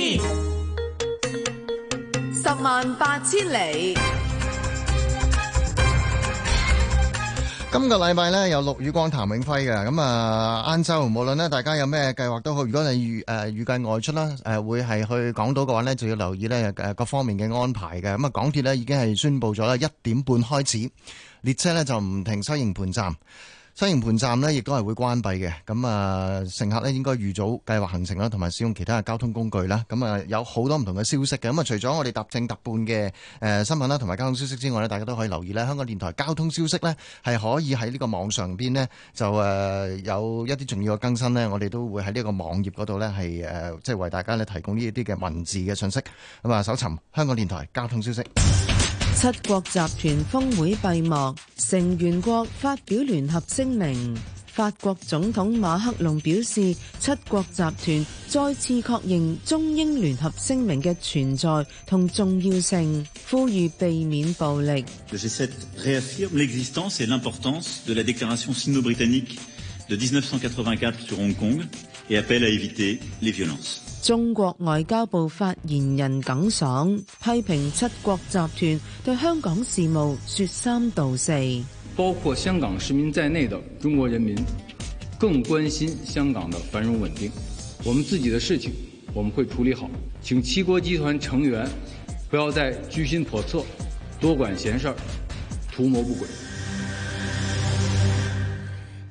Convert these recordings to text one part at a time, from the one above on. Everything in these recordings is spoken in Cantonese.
十萬八千里。今個禮拜呢，有陸宇光譚永輝，譚永輝嘅咁啊。晏晝無論呢，大家有咩計劃都好。如果你預誒預計外出啦，誒會係去港島嘅話呢，就要留意呢誒各方面嘅安排嘅。咁啊，港鐵呢已經係宣布咗啦，一點半開始列車呢就唔停西營盤站。西營盤站呢，亦都係會關閉嘅。咁啊，乘客呢應該預早計劃行程啦，同埋使用其他嘅交通工具啦。咁啊，有好多唔同嘅消息嘅。咁啊，除咗我哋搭正搭半嘅誒新聞啦，同埋交通消息之外呢，大家都可以留意呢香港電台交通消息呢，係可以喺呢個網上邊呢，就誒有一啲重要嘅更新呢。我哋都會喺呢個網頁嗰度呢，係即係為大家呢提供呢一啲嘅文字嘅信息。咁啊，搜尋香港電台交通消息。七國集團峰會閉幕，成員國發表聯合聲明。法國總統馬克龍表示，七國集團再次確認中英聯合聲明嘅存在同重要性，呼籲避免暴力。中國外交部發言人耿爽批評七國集團對香港事務說三道四，包括香港市民在內的中國人民更關心香港的繁榮穩定。我們自己的事情我們會處理好，請七國集團成員不要再居心叵測、多管閒事、圖謀不軌。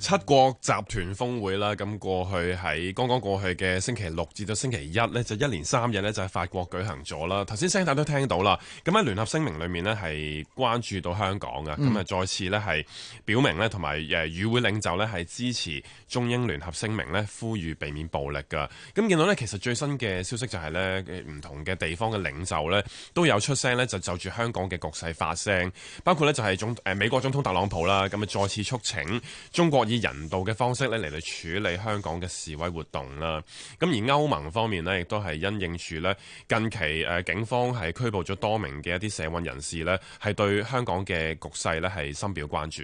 七國集團峰會啦，咁過去喺剛剛過去嘅星期六至到星期一呢，就一連三日呢，就喺法國舉行咗啦。頭先聲帶都聽到啦，咁喺聯合聲明裏面呢，係關注到香港嘅，咁啊、嗯、再次呢，係表明呢，同埋誒與會領袖呢，係支持中英聯合聲明呢，呼籲避免暴力嘅。咁見到呢，其實最新嘅消息就係、是、呢，唔同嘅地方嘅領袖呢，都有出聲呢，就就住香港嘅局勢發聲，包括呢，就係總誒美國總統特朗普啦，咁啊再次促請中國以人道嘅方式呢，嚟嚟處理香港嘅示威活動啦，咁而歐盟方面呢，亦都係因應住呢，近期誒警方係拘捕咗多名嘅一啲社運人士呢，係對香港嘅局勢呢，係深表關注。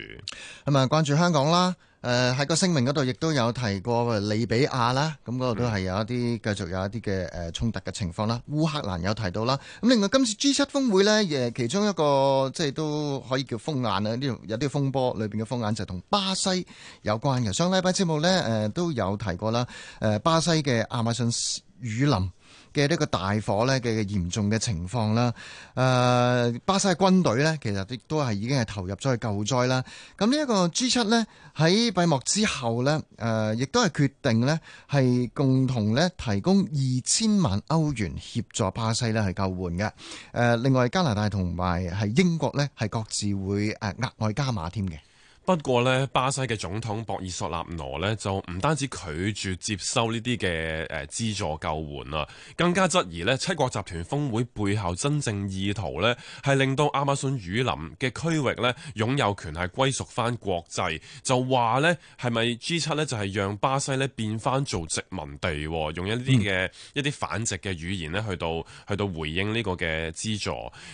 咁啊，關注香港啦。誒喺、呃、個聲明嗰度亦都有提過利比亞啦，咁嗰度都係有一啲繼續有一啲嘅誒衝突嘅情況啦。烏克蘭有提到啦，咁另外今次 G 七峰會呢，誒其中一個即係都可以叫風眼啦，呢度有啲風波裏邊嘅風眼就同巴西有關嘅。上禮拜節目呢，誒、呃、都有提過啦，誒、呃、巴西嘅亞馬遜雨林。嘅呢個大火咧嘅嚴重嘅情況啦，誒巴西的軍隊咧其實亦都係已經係投入咗去救災啦。咁呢一個 G7 咧喺閉幕之後咧，誒亦都係決定咧係共同咧提供二千萬歐元協助巴西咧係救援嘅。誒另外加拿大同埋係英國咧係各自會誒額外加碼添嘅。不過呢巴西嘅總統博爾索納羅呢就唔單止拒絕接收呢啲嘅誒資助救援啦，更加質疑呢七國集團峰會背後真正意圖呢係令到亞馬遜雨林嘅區域呢擁有權係歸屬翻國際，就話呢係咪 G 七呢就係讓巴西呢變翻做殖民地，用一啲嘅、嗯、一啲反殖嘅語言呢去到去到回應呢個嘅資助。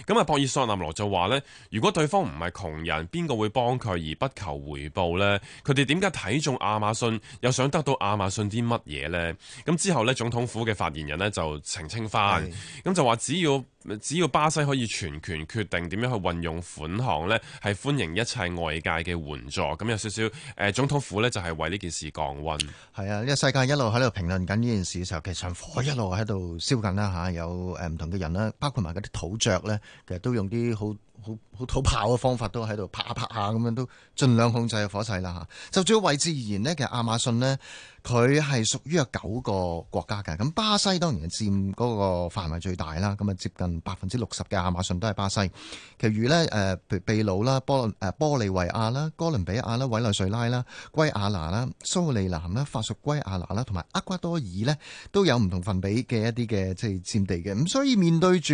咁啊，博爾索納羅就話呢如果對方唔係窮人，邊個會幫佢而不求回報呢，佢哋點解睇中亞馬遜，又想得到亞馬遜啲乜嘢呢？咁之後呢，總統府嘅發言人呢就澄清返，咁是的 就話只要只要巴西可以全權決定點樣去運用款項呢，係歡迎一切外界嘅援助。咁有少少誒，總統府呢，就係為呢件事降温。係啊，因為世界一路喺度評論緊呢件事嘅時候，其實火一路喺度燒緊啦吓，有誒唔同嘅人啦，包括埋嗰啲土著呢，其實都用啲好。好好土炮嘅方法都喺度拍下拍下咁樣，都盡量控制個火勢啦嚇。就最位置而言呢，其實亞馬遜呢。佢係屬於有九個國家嘅，咁巴西當然係佔嗰個範圍最大啦，咁啊接近百分之六十嘅亞馬遜都係巴西。其餘咧，誒秘秘魯啦、波玻利維亞啦、哥倫比亞啦、委內瑞拉啦、圭亞拿啦、蘇利南啦、法屬圭亞拿啦，同埋厄瓜多爾呢都有唔同份比嘅一啲嘅即係佔地嘅。咁所以面對住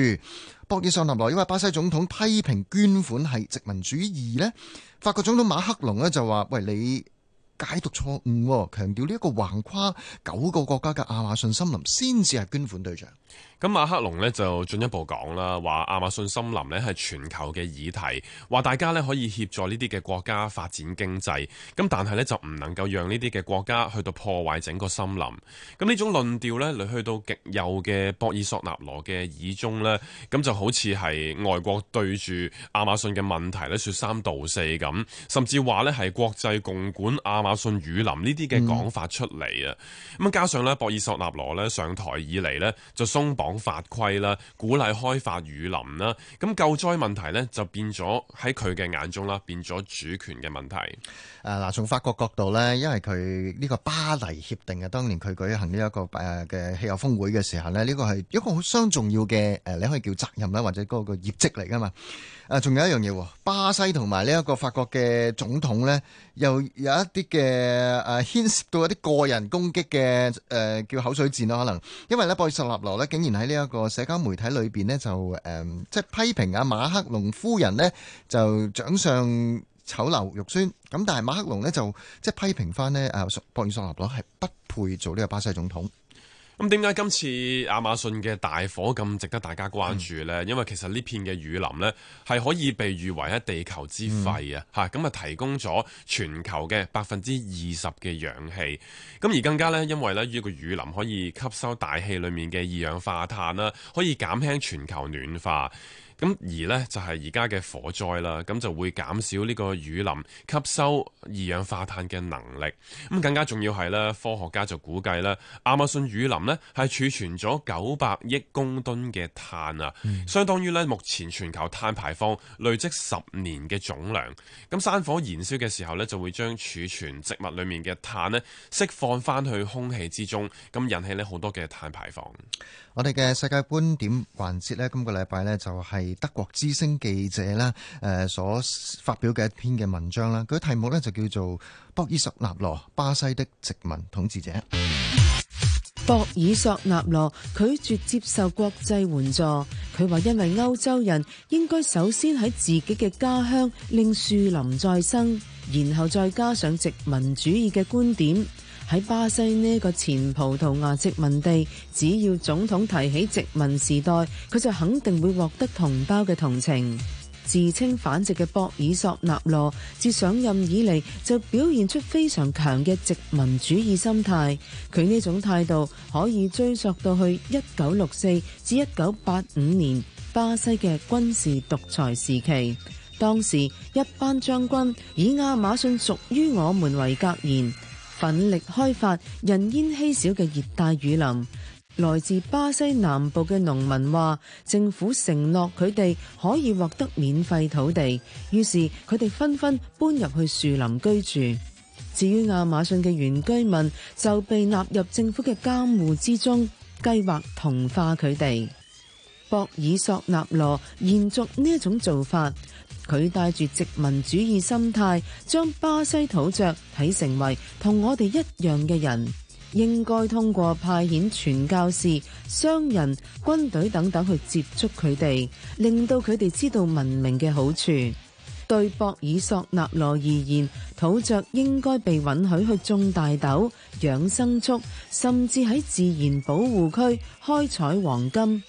博爾索納羅，因為巴西總統批評捐款係殖民主義咧，法國總統馬克龍咧就話：喂，你解讀錯誤，強調呢一個橫跨九個國家嘅亞馬遜森林先至係捐款對象。咁馬克龍呢，就進一步講啦，話亞馬遜森林呢係全球嘅議題，話大家呢可以協助呢啲嘅國家發展經濟。咁但係呢，就唔能夠讓呢啲嘅國家去到破壞整個森林。咁呢種論調呢，你去到極右嘅博爾索納羅嘅耳中呢，咁就好似係外國對住亞馬遜嘅問題呢説三道四咁，甚至話呢係國際共管亞馬遜。馬遜雨林呢啲嘅講法出嚟啊！咁加上咧，博爾索納羅咧上台以嚟呢，就鬆綁法規啦，鼓勵開發雨林啦。咁救災問題呢，就變咗喺佢嘅眼中啦，變咗主權嘅問題。誒嗱，從法國角度呢，因為佢呢個巴黎協定啊，當年佢舉行呢一個誒嘅氣候峰會嘅時候呢，呢、呢個係一個好相當重要嘅誒，你可以叫責任啦，或者嗰個業績嚟㗎嘛。誒，仲有一樣嘢，巴西同埋呢一個法國嘅總統呢，又有一啲。嘅誒牽涉到一啲個人攻擊嘅誒，呃、叫口水戰咯，可能因為咧博爾索納羅咧竟然喺呢一個社交媒體裏邊呢，就、呃、誒即係批評阿馬克龍夫人呢，就掌上醜陋肉酸，咁但係馬克龍呢，就即係批評翻咧阿博爾索納羅係不配做呢個巴西總統。咁點解今次亞馬遜嘅大火咁值得大家關注呢？因為其實呢片嘅雨林呢，係可以被譽為喺地球之肺啊！嚇，咁啊提供咗全球嘅百分之二十嘅氧氣。咁而更加呢，因為呢呢個雨林可以吸收大氣裏面嘅二氧化碳啦，可以減輕全球暖化。咁而呢就係而家嘅火災啦，咁就會減少呢個雨林吸收二氧化碳嘅能力。咁更加重要係呢，科學家就估計啦，亞馬遜雨林呢係儲存咗九百億公噸嘅碳啊，嗯、相當於呢目前全球碳排放累積十年嘅總量。咁山火燃燒嘅時候呢，就會將儲存植物裏面嘅碳呢釋放翻去空氣之中，咁引起呢好多嘅碳排放。我哋嘅世界觀點環節咧，今個禮拜咧就係德國之聲記者啦，誒所發表嘅一篇嘅文章啦，佢嘅題目咧就叫做博爾索納羅：巴西的殖民統治者。博爾索納羅拒絕接受國際援助，佢話因為歐洲人應該首先喺自己嘅家鄉令樹林再生，然後再加上殖民主義嘅觀點。喺巴西呢個前葡萄牙殖民地，只要總統提起殖民時代，佢就肯定會獲得同胞嘅同情。自稱反殖嘅博爾索納羅自上任以嚟就表現出非常強嘅殖民主義心態，佢呢種態度可以追溯到去一九六四至一九八五年巴西嘅軍事獨裁時期。當時一班將軍以亞馬遜屬於我們為格言。奮力開發人煙稀少嘅熱帶雨林。來自巴西南部嘅農民話，政府承諾佢哋可以獲得免費土地，於是佢哋紛紛搬入去樹林居住。至於亞馬遜嘅原居民，就被納入政府嘅監護之中，計劃同化佢哋。博爾索納羅延續呢一種做法。佢帶住殖民主義心態，將巴西土著睇成為同我哋一樣嘅人，應該通過派遣傳教士、商人、軍隊等等去接觸佢哋，令到佢哋知道文明嘅好處。對博爾索納羅而言，土著應該被允許去種大豆、養牲畜，甚至喺自然保護區開採黃金。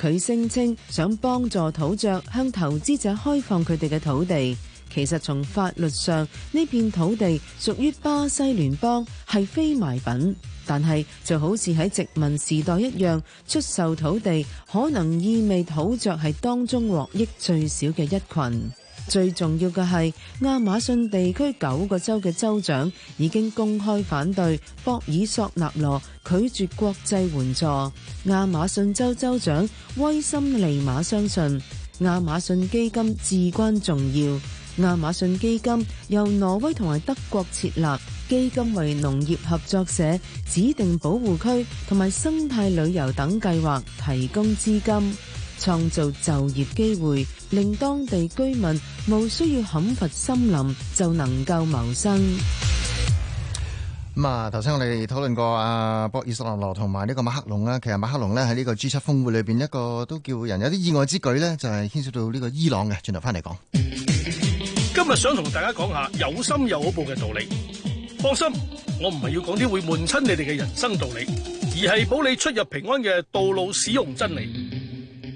佢聲稱想幫助土著向投資者開放佢哋嘅土地，其實從法律上，呢片土地屬於巴西聯邦，係非賣品，但係就好似喺殖民時代一樣，出售土地可能意味土著係當中獲益最少嘅一群。最重要嘅係，亞馬遜地區九個州嘅州長已經公開反對博爾索納羅拒絕國際援助。亞馬遜州州長威森利馬相信，亞馬遜基金至關重要。亞馬遜基金由挪威同埋德國設立，基金為農業合作社、指定保護區同埋生態旅遊等計劃提供資金，創造就業機會。令當地居民無需要砍伐森林就能夠謀生。咁、嗯、啊，頭先我哋討論過阿博爾索納羅同埋呢個馬克龍啦，其實馬克龍咧喺呢個 G 七峰會裏邊一個都叫人有啲意外之舉咧，就係、是、牽涉到呢個伊朗嘅，轉頭翻嚟講。今日想同大家講下有心有好報嘅道理。放心，我唔係要講啲會悶親你哋嘅人生道理，而係保你出入平安嘅道路使用真理。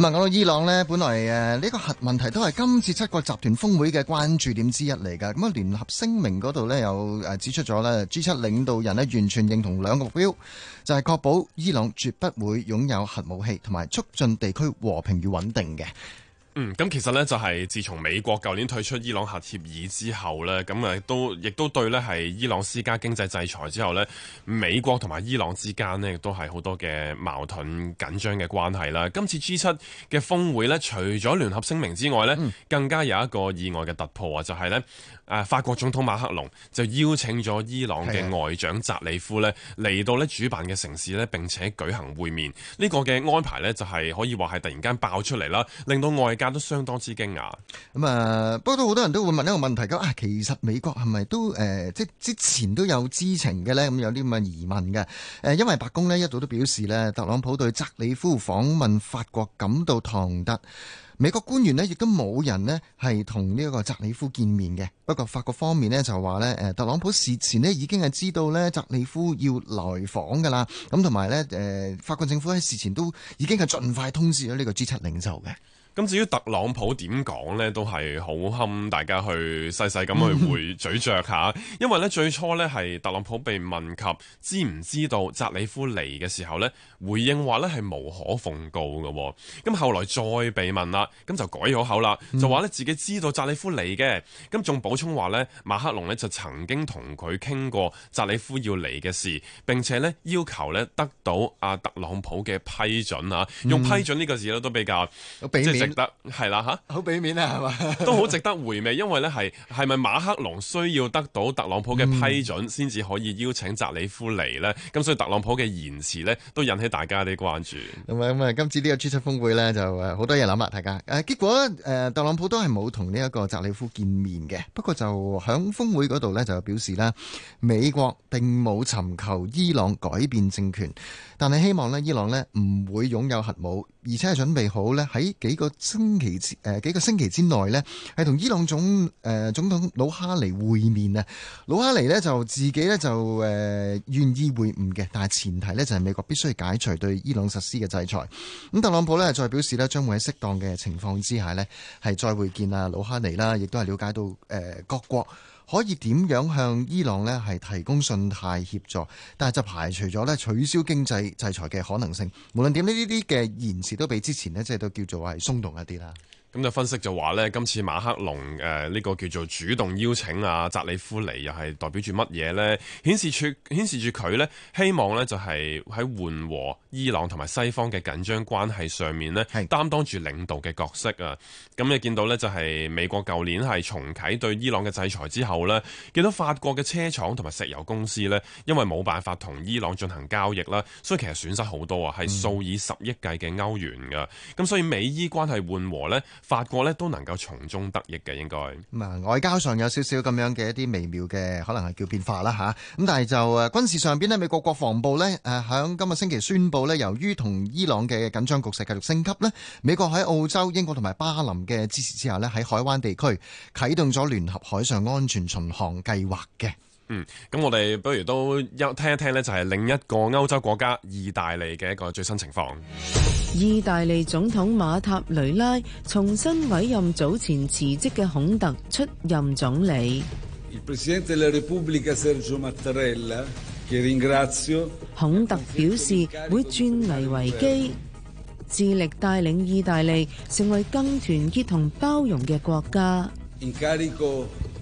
咁啊，講到伊朗呢，本來誒呢個核問題都係今次七國集團峰會嘅關注點之一嚟噶。咁啊，聯合聲明嗰度呢，又誒指出咗呢 G 七領導人呢完全認同兩個目標，就係、是、確保伊朗絕不會擁有核武器，同埋促進地區和平與穩定嘅。嗯，咁其實咧就係自從美國舊年退出伊朗核協議之後咧，咁啊都亦都對咧係伊朗施加經濟制裁之後咧，美國同埋伊朗之間咧亦都係好多嘅矛盾緊張嘅關係啦。今次 G 七嘅峰會咧，除咗聯合聲明之外咧，嗯、更加有一個意外嘅突破啊，就係咧誒法國總統馬克龍就邀請咗伊朗嘅外長扎里夫咧嚟到咧主辦嘅城市咧，並且舉行會面。呢、呢個嘅安排咧就係可以話係突然間爆出嚟啦，令到外家都相當之驚訝咁啊、嗯！不過都好多人都會問一個問題咁啊，其實美國係咪都誒，即、呃、之前都有知情嘅呢？咁有啲咁嘅疑問嘅誒，因為白宮咧一度都表示咧，特朗普對澤里夫訪問法國感到唐突。美國官員咧亦都冇人咧係同呢一個澤里夫見面嘅。不過法國方面咧就話咧，誒特朗普事前咧已經係知道咧澤里夫要來訪噶啦。咁同埋咧誒，法國政府喺事前都已經係盡快通知咗呢個 G7 領袖嘅。咁至於特朗普點講呢？都係好堪大家去細細咁去回嘴咀嚼下。 因為呢最初呢係特朗普被問及知唔知道扎里夫嚟嘅時候呢，回應話呢係無可奉告嘅。咁後來再被問啦，咁就改咗口啦，就話呢自己知道扎里夫嚟嘅。咁仲補充話呢馬克龍呢就曾經同佢傾過扎里夫要嚟嘅事，並且呢要求呢得到阿特朗普嘅批准啊，用批准呢個字呢都比較、嗯、即得係啦嚇，好俾面啊，係嘛？ 都好值得回味，因為咧係係咪馬克龍需要得到特朗普嘅批准先至可以邀請澤里夫嚟呢，咁、嗯、所以特朗普嘅言辭呢都引起大家啲關注。咁啊、嗯嗯、今次呢個 G7 峰會呢，就好多嘢諗啊，大家。誒、啊、結果誒、呃，特朗普都係冇同呢一個澤里夫見面嘅。不過就響峰會嗰度呢，就表示咧，美國並冇尋求伊朗改變政權，但係希望呢，伊朗呢唔會擁有核武，而且係準備好呢喺幾個。星期誒幾個星期之內呢，係同伊朗總誒、呃、總統魯哈尼會面啊。魯哈尼呢，就自己呢，就誒願意會晤嘅，但係前提呢，就係美國必須解除對伊朗實施嘅制裁。咁特朗普呢，就再表示呢，將會喺適當嘅情況之下呢，係再會見啊魯哈尼啦，亦都係了解到誒、呃、各國。可以點樣向伊朗呢係提供信貸協助，但係就排除咗咧取消經濟制裁嘅可能性。無論點呢，呢啲嘅言詞都比之前呢即係都叫做係鬆動一啲啦。咁就分析就話呢，今次馬克龍誒呢、呃呢個叫做主動邀請啊，扎里夫嚟又係代表住乜嘢呢？顯示出顯示住佢呢，希望呢就係、是、喺緩和伊朗同埋西方嘅緊張關係上面咧，擔當住領導嘅角色啊！咁是你見到呢，就係、是、美國舊年係重啟對伊朗嘅制裁之後呢，見到法國嘅車廠同埋石油公司呢，因為冇辦法同伊朗進行交易啦，所以其實損失好多啊，係數以十億計嘅歐元噶。咁、嗯、所以美伊關係緩和呢。法國呢都能夠從中得益嘅，應該啊，外交上有少少咁樣嘅一啲微妙嘅，可能係叫變化啦吓，咁但係就誒軍事上邊呢，美國國防部呢，誒響今個星期宣布呢，由於同伊朗嘅緊張局勢繼續升級呢，美國喺澳洲、英國同埋巴林嘅支持之下呢，喺海灣地區啟動咗聯合海上安全巡航計劃嘅。嗯，咁我哋不如都一聽一聽呢，就係另一個歐洲國家意大利嘅一個最新情況。意大利總統馬塔雷拉重新委任早前辭職嘅孔特出任總理。Arella, 孔特表示會轉危為機，致力帶領意大利成為更團結同包容嘅國家。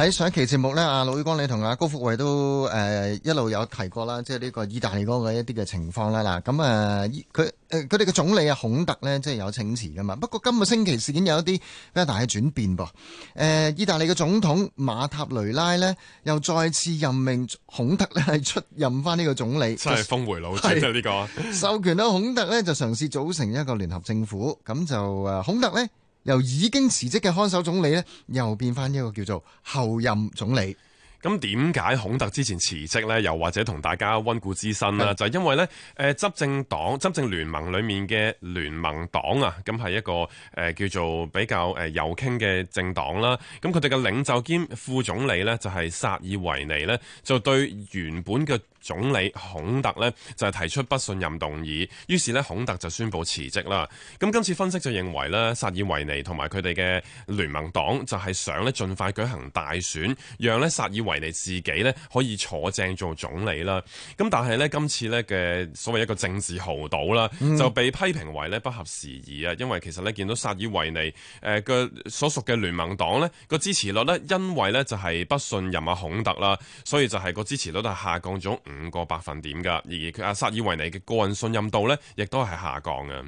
喺上一期節目咧，阿盧宇光你同阿高福慧都誒、呃、一路有提過啦，即係呢個意大利嗰個一啲嘅情況啦。嗱，咁誒佢佢哋嘅總理啊，孔特呢，即係有請辭噶嘛。不過今個星期事件有一啲比較大嘅轉變噃。誒、呃，意大利嘅總統馬塔雷拉呢，又再次任命孔特呢係出任翻呢個總理，真係峰回老轉呢、啊是這個 授權到孔特呢，就嘗試組成一個聯合政府，咁就、呃、孔特呢。由已經辭職嘅看守總理咧，又變翻一個叫做後任總理。咁點解孔特之前辭職咧？又或者同大家溫故知新啦？ 就係因為咧，誒執政黨執政聯盟裡面嘅聯盟黨啊，咁係一個誒、呃、叫做比較誒右傾嘅政黨啦、啊。咁佢哋嘅領袖兼副總理咧，就係薩爾維尼咧，就對原本嘅總理孔特呢，就係、提出不信任動議，於是呢，孔特就宣布辭職啦。咁今次分析就認為呢薩爾維尼同埋佢哋嘅聯盟黨就係想呢盡快舉行大選，讓呢薩爾維尼自己呢可以坐正做總理啦。咁但係呢，今次呢嘅所謂一個政治豪賭啦，嗯、就被批評為呢不合時宜啊，因為其實呢，見到薩爾維尼誒個、呃、所屬嘅聯盟黨呢個支持率呢，因為呢就係、係、不信任啊孔特啦，所以就係個支持率都係下降咗。五個百分點噶，而阿薩爾維尼嘅個人信任度呢，亦都係下降嘅。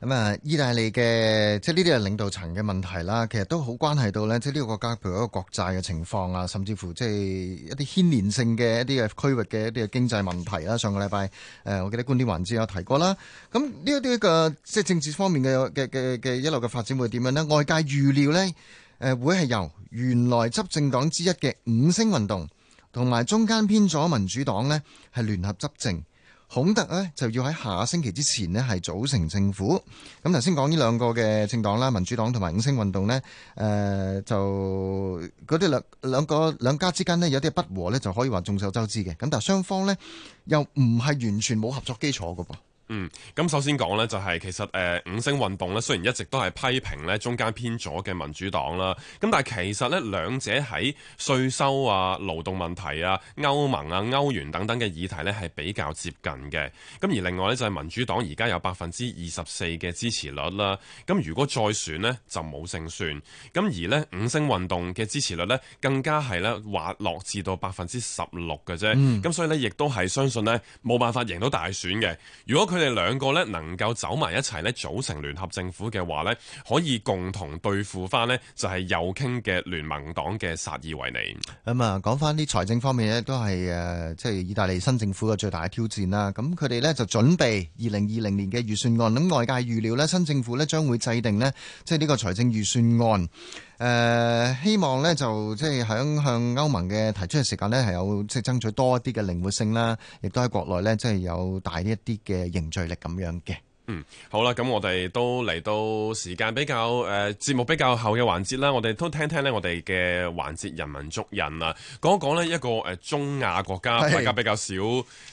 咁啊，意大利嘅即係呢啲係領導層嘅問題啦，其實都好關係到呢。即係呢個國家譬如一個國債嘅情況啊，甚至乎即係一啲牽連性嘅一啲嘅區域嘅一啲嘅經濟問題啦。上個禮拜，誒，我記得觀點環節有提過啦。咁呢一啲嘅即係政治方面嘅嘅嘅嘅一路嘅發展會點樣呢？外界預料呢，誒，會係由原來執政黨之一嘅五星運動。同埋中間偏左民主黨呢，係聯合執政，孔特呢就要喺下星期之前呢係組成政府。咁頭先講呢兩個嘅政黨啦，民主黨同埋五星運動呢，誒、呃、就嗰啲兩兩個兩家之間呢，有啲不和呢就可以話眾所周知嘅。咁但係雙方呢，又唔係完全冇合作基礎㗎噃。嗯，咁首先講呢，就係、是、其實誒、呃、五星運動呢，雖然一直都係批評呢中間偏左嘅民主黨啦，咁但係其實呢，兩者喺稅收啊、勞動問題啊、歐盟啊、歐元等等嘅議題呢，係比較接近嘅。咁而另外呢，就係、是、民主黨而家有百分之二十四嘅支持率啦，咁如果再選呢，就冇勝算。咁而呢五星運動嘅支持率呢，更加係呢滑落至到百分之十六嘅啫。咁、嗯、所以呢，亦都係相信呢，冇辦法贏到大選嘅。如果佢佢哋兩個咧能夠走埋一齊咧，組成聯合政府嘅話咧，可以共同對付翻咧就係右傾嘅聯盟黨嘅薩爾維尼。咁啊，講翻啲財政方面咧，都係誒，即係意大利新政府嘅最大嘅挑戰啦。咁佢哋咧就準備二零二零年嘅預算案。咁外界預料咧，新政府咧將會制定咧，即係呢個財政預算案。誒、呃，希望呢，就即係響向歐盟嘅提出嘅時間呢，係有即係爭取多一啲嘅靈活性啦，亦都喺國內呢，即係有大一啲嘅凝聚力咁樣嘅。嗯，好啦，咁我哋都嚟到時間比較誒節、呃、目比較後嘅環節啦，我哋都聽聽呢，我哋嘅環節人文足印啊，講一講呢一個誒中亞國家，大家是比較少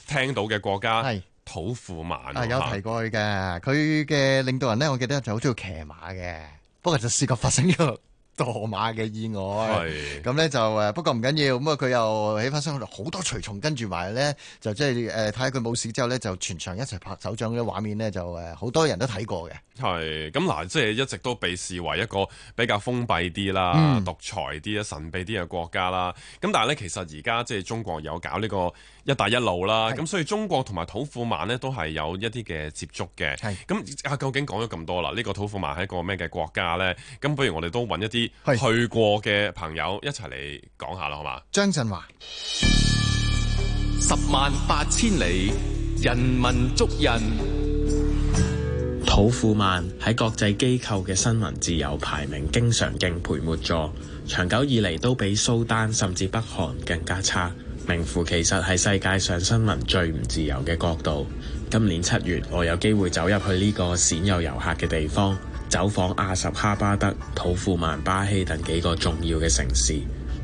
聽到嘅國家，是是土庫曼。係、啊、有提過去嘅，佢嘅嗎領導人呢，我記得就好中意騎馬嘅，不過就試過發生咗，墮馬嘅意外，咁呢是就誒不過唔緊要，咁啊佢又起發生好多隨從跟住埋呢，就即係誒睇下佢冇事之後呢，就全場一齊拍手掌嘅畫面呢，就誒好、呃、多人都睇過嘅。係咁嗱，即係一直都被視為一個比較封閉啲啦、嗯、獨裁啲啊、神秘啲嘅國家啦。咁但係呢，其實而家即係中國有搞呢個一帶一路啦，咁是所以中國同埋土庫曼呢，都係有一啲嘅接觸嘅。咁是究竟講咗咁多啦，呢、呢個土庫曼係一個咩嘅國家呢？咁不如我哋都揾一啲。係是去過嘅朋友一齊嚟講下啦，好嘛？張振華，十萬八千里，人文足印，土庫曼喺國際機構嘅新聞自由排名經常敬陪末座，長久以嚟都比蘇丹甚至北韓更加差，名副其實係世界上新聞最唔自由嘅國度。今年七月，我有機會走入去呢個鮮有遊客嘅地方。走訪阿什哈巴德、土庫曼巴希等幾個重要嘅城市，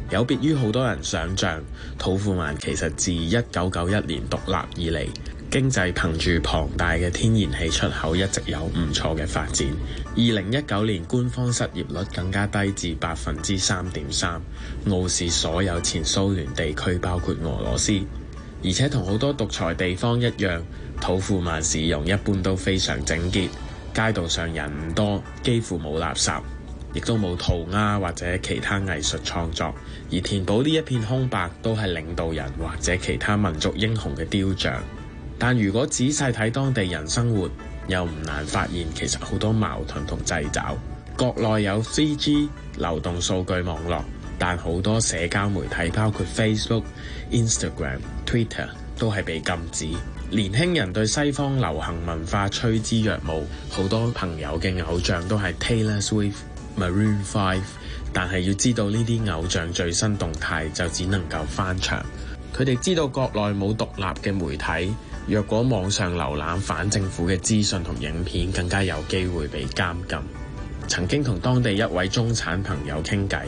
有別於好多人想像，土庫曼其實自一九九一年獨立以嚟，經濟憑住龐大嘅天然氣出口一直有唔錯嘅發展。二零一九年官方失業率更加低至百分之三點三，傲視所有前蘇聯地區，包括俄羅斯。而且同好多獨裁地方一樣，土庫曼市容一般都非常整潔。街道上人唔多，幾乎冇垃圾，亦都冇塗鴉或者其他藝術創作。而填補呢一片空白，都係領導人或者其他民族英雄嘅雕像。但如果仔細睇當地人生活，又唔難發現其實好多矛盾同掣肘。國內有 3G 流動數據網絡，但好多社交媒體，包括 Facebook、Instagram、Twitter，都係被禁止。年輕人對西方流行文化趨之若鶩，好多朋友嘅偶像都係 Taylor Swift、Maroon Five，但係要知道呢啲偶像最新動態就只能夠翻牆。佢哋知道國內冇獨立嘅媒體，若果網上瀏覽反政府嘅資訊同影片，更加有機會被監禁。曾經同當地一位中產朋友傾偈。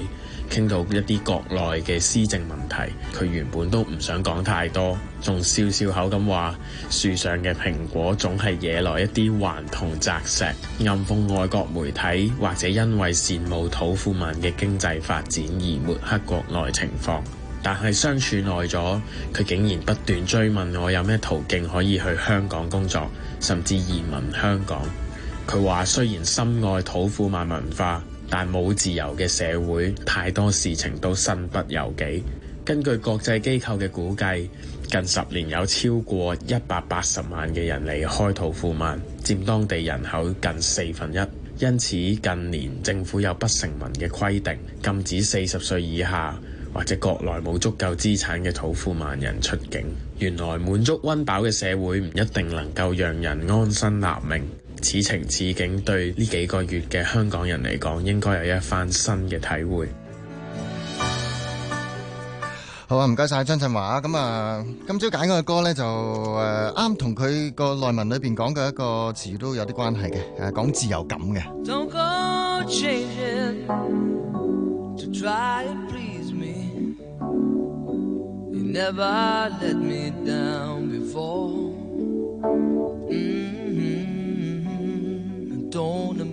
傾到一啲國內嘅施政問題，佢原本都唔想講太多，仲笑笑口咁話：樹上嘅蘋果總係惹來一啲頑童擲石。暗諷外國媒體或者因為羨慕土庫曼嘅經濟發展而抹黑國內情況。但係相處耐咗，佢竟然不斷追問我有咩途徑可以去香港工作，甚至移民香港。佢話雖然深愛土庫曼文化。但冇自由嘅社會，太多事情都身不由己。根據國際機構嘅估計，近十年有超過一百八十萬嘅人離開土庫曼，佔當地人口近四分一。因此近年政府有不成文嘅規定，禁止四十歲以下或者國內冇足夠資產嘅土庫曼人出境。原來滿足溫飽嘅社會唔一定能夠讓人安身立命。此情此景，對呢幾個月嘅香港人嚟講，應該有一番新嘅體會。好啊，唔該晒張振華啊，咁啊，今朝揀嗰個歌咧就誒，啱同佢個內文裏邊講嘅一個詞都有啲關係嘅，誒、啊，講自由感嘅。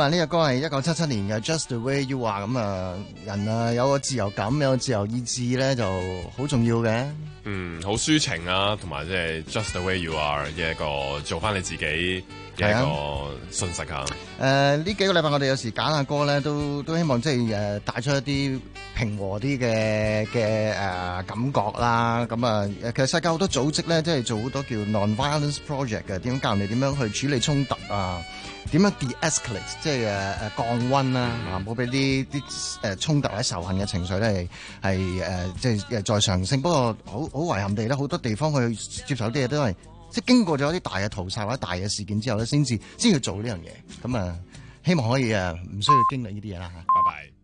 呢隻、嗯這個、歌係一九七七年嘅 Just the way you are，咁啊、嗯、人啊有個自由感、有個自由意志咧就好重要嘅。嗯，好抒情啊，同埋即係 Just the way you are 嘅一個做翻你自己嘅、啊、一個信息啊。誒呢、呃、幾個禮拜我哋有時揀下歌咧，都都希望即係帶出一啲平和啲嘅嘅感覺啦。咁、嗯、啊，其實世界好多組織咧，即係做好多叫 non-violence project 嘅，點教你點樣去處理衝突啊？點樣 deescalate，即係誒誒降溫啦，嚇，冇俾啲啲誒衝突或者仇恨嘅情緒咧係係誒即係再上升。不過好好遺憾地咧，好多地方去接受啲嘢都係即係經過咗啲大嘅屠殺或者大嘅事件之後咧，先至先要做呢樣嘢。咁啊，希望可以誒唔需要經歷呢啲嘢啦嚇。拜拜。